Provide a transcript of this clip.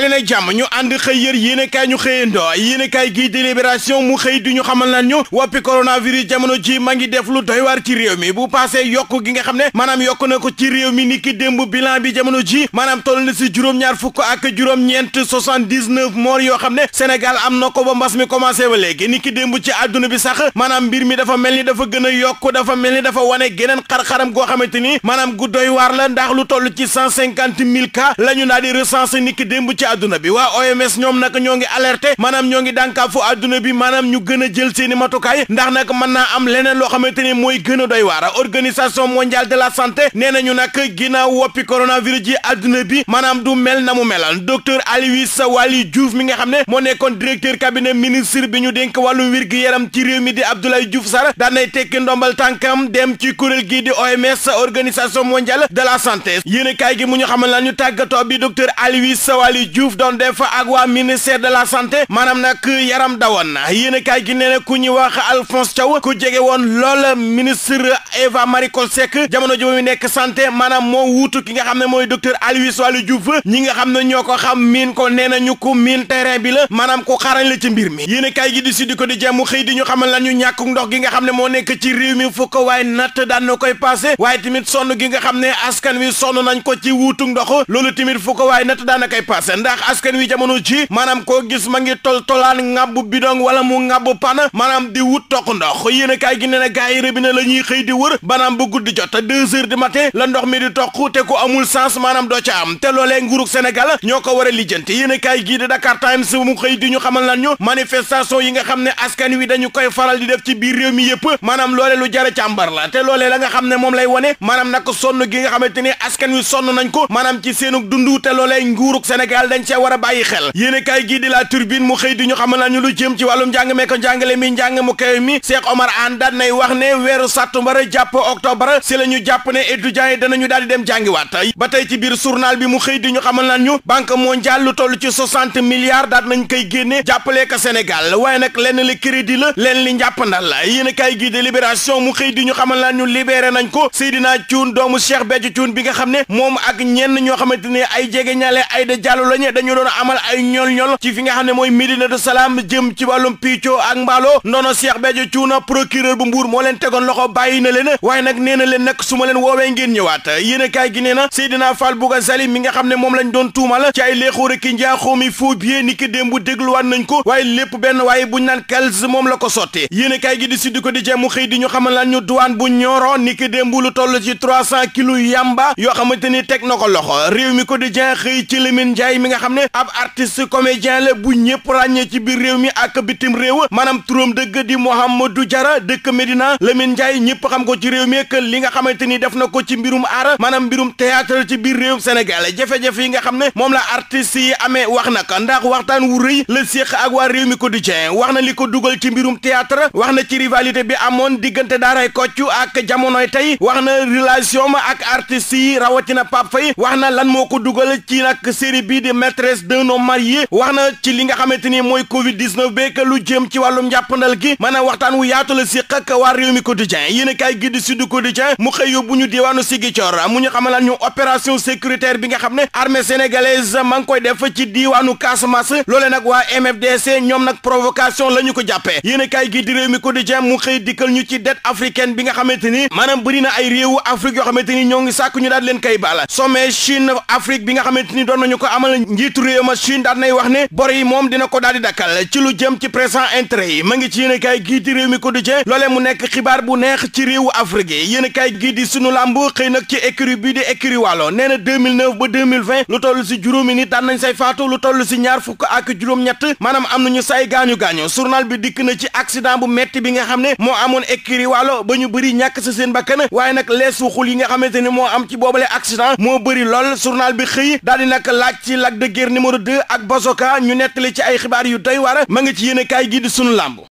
dali na jàmm ñu ànd xëy yër yéene kaay ñu xëyandoo yéene kaay gii di libération mu xëy di ñu xamal na ñu woppi korona coronavirus jamono ji ma ngi def lu doy waar ci réew mi bu passé yokk gi nga xam ne maanaam yokk na ko ci réew mi ni ki démb bilan bi jamono ji maanaam toll na si juróom-ñaar fukk ak juróom-ñeent 79 mort yoo xam ne Sénégal am na ko ba mbas mi commencé ba léegi ni ki démb ci àdduna bi sax maanaam mbir mi dafa mel ni dafa gën a yokk dafa mel ni dafa wane geneen xar-xaram goo xamante ni maanaam gu doy waar la ndax lu toll ci 150 000 cas la ñu daal di ni ki démb ci àdduna bi waa OMS ñoom nag ñoo ngi alerté maanaam ñoo ngi dànkaafu àdduna bi maanaam ñu gën a jël seeni matukaay ndax nag mën naa am leneen loo xamante ni mooy gën a doy waara organisation mondiale de la santé nee nañu nag ginnaaw woppi coronavirus ji àdduna bi maanaam du mel na mu melal docteur Aloyse Waly Diouf mi nga xam ne moo nekkoon directeur cabinet ministre bi ñu dénk wàllum wérgu yaram ci réew mi di Abdoulaye Diouf Sarr daan nay tekki tan tànkam dem ci kuréel gii di OMS organisation mondiale de la santé yéen a kaay gi mu ñu xamal la ñu bi docteur Aloyse Diouf doon def ak waa ministère de la santé maanaam nag yaram dawoon na yéen kaay gi nee na ku ñuy wax Alphonse Thiaw ku jege woon lool ministre Eva Marie Coll Seck jamano ji mu nekk sante maanaam moo wuutu ki nga xam ne mooy docteur Aloyse Waly Diouf ñi nga xam ne ñoo ko xam miin ko nee na ñu ko miin terrain bi la maanaam ku xarañ la ci mbir mi yéen kaay gi di suddi ko di jemu xëy di ñu xamal la ñu ñàkk ndox gi nga xam ne moo nekk ci réew mi fukk waaye natt daan na koy passé waaye tamit sonn gi nga xam ne askan wi sonn nañ ko ci wuutu ndox loolu tamit fukk waaye na koy ndax askan wi jamono ci maanaam koo gis ma ngi tol tolaan ŋàbbu bidong wala mu ŋàbbu pan maanaam di wut toq ndox yéen a kaay gi nee na gars yi robinet la ñuy xëy di wër maanaam bu jot deux heures la ndox mi di toq te ku amul sens maanaam doo ca am te loolee nguurug Sénégal ñoo ko war a lijjanti yéen kaay gii di Dakar Times mu xëy ñu xamal lan ñu manifestation yi nga xam ne askan wi dañu koy faral di def ci biir réew mi yëpp maanaam loole lu jara càmbar te loolee la nga xam ne moom lay wane maanaam nag sonn gi nga xamante ni askan wi sonn nañ ko maanaam ci seenug dund te loolee nguurug Sénégal daal dañ cee war a bàyyi xel yéen kaay gii di la turbine mu xëy di ñu xamal nañu lu jëm ci wàllum njàng mee ko njàngale mi njàng mu kawe mi Cheikh Omar Anne daan nay wax ne weeru sàttumbar jàpp octobre si la ñu jàpp ne étudiants yi danañu daal dem jàngiwaat ba tey ci biir journal bi mu xëy di ñu xamal nañu banque mondiale lu toll ci soixante milliards daal ko Sénégal waaye gii di libération mu xëy di ñu xamal nañu libéré nañ ko Seydina Thioune doomu ñoo xamante ne ay jege ñaale Aïda Diallo lañu dañu doon amal ay ñol-ñol ci fi nga xam ne mooy Médinatu Salaam jëm ci wàllum piccoo ak mbaaloo ndono Cheikh Béthio Thioune procureur bu Mbour moo leen tegoon loxo bàyyi na leen waaye nag nee na leen nag su ma leen woowee ngeen ñëwaat yéenekaay gi nee na Seydina Fall Bougazelli mi nga xam ne moom lañ doon tuumal ci ay léexu rekk njaaxoo mi faux billets ni ki démb dégluwaat nañ ko waaye lépp benn waaye buñ naan kalz moom la ko sottee yéenekaay gi di Sud Quotidien mu xëy di ñu xamal lan ñu duwaan bu ñooro ni ki démb lu toll ci trois cent kilos yamba yoo xamante ni teg na ko loxo réew mi quotidien xëy ci Lamine Ndiaye mi nga xam ne ab artiste comédien la bu ñëpp ràññee ci biir réew mi ak bitim réew maanaam turoom dëgg di Mouhamadou jara dëkk Medina Lamine Ndiaye ñëpp xam ko ci réew mi ak li nga xamante ni def na ko ci mbirum aar maanaam mbirum théâtre ci biir réewum Sénégal jafe-jafe yi nga xam ne moom la artiste yi amee wax na ko ndax waxtaan wu rëy la séq ak wa réew mi quotidien wax na li ko dugal ci mbirum théâtre wax na ci rivalité bi amoon diggante daaray kocc ak jamonoy tey wax na relation ma ak artiste yi rawatina Pape Faye wax na lan moo ko dugal ci nag série maîtresse d'un homme marié wax na ci li nga xamante ni mooy Covid 19 beeg lu jëm ci wàllum njàppandal gi maanaam waxtaan wu yaatu la si xëkk waa réew mi quotidien yéen a kaay gi di Sud Quotidien mu xëy yóbbu ñu diwaanu Ziguinchor mu ñu xamal ñu opération sécuritaire bi nga xam ne armée sénégalaise maa koy def ci diwaanu Casamance loole nag waa MFDC ñoom nag provocation la ñu ko jàppe yéen a kaay gi di réew mi quotidien mu xëy dikkal ñu ci dette africaine bi nga xamante ni maanaam bëri na ay réewu Afrique yoo xamante ni ñoo ngi sàkk ñu daal leen kay baal sommet bi nga xamante ni doon nañu ko amal njiitu réew ma Chine daan nay wax ne bor yi moom dina ko daal di dakkal ci lu jëm ci présent intérêt yi ma ngi ci yéen kaay gii di réew mi quotidien loolee mu nekk xibaar bu neex ci réewu Afrique yi yéen kaay gii di sunu làmb xëy nag ci écurie bii di écurie Waalo nee na 2009 ba 2020 lu toll si juróomi nit daan nañ say faatu lu toll si ñaar fukk ak juróom-ñett maanaam am nañu say gaañu-gaañu journal bi dikk na ci accident bu metti bi nga xam ne moo amoon écurie Waalo ba ñu bëri ñàkk sa seen bakkan waaye nag lees waxul yi nga xamante ne moo am ci boobale accident moo bëri lool journal bi xëy daal di nag laaj ci Lac de Guiers numéro 2 ak Bosoka ñu nettali ci ay xibaar yu doy waar ma nga ci yéenekaay gi di sunu làmb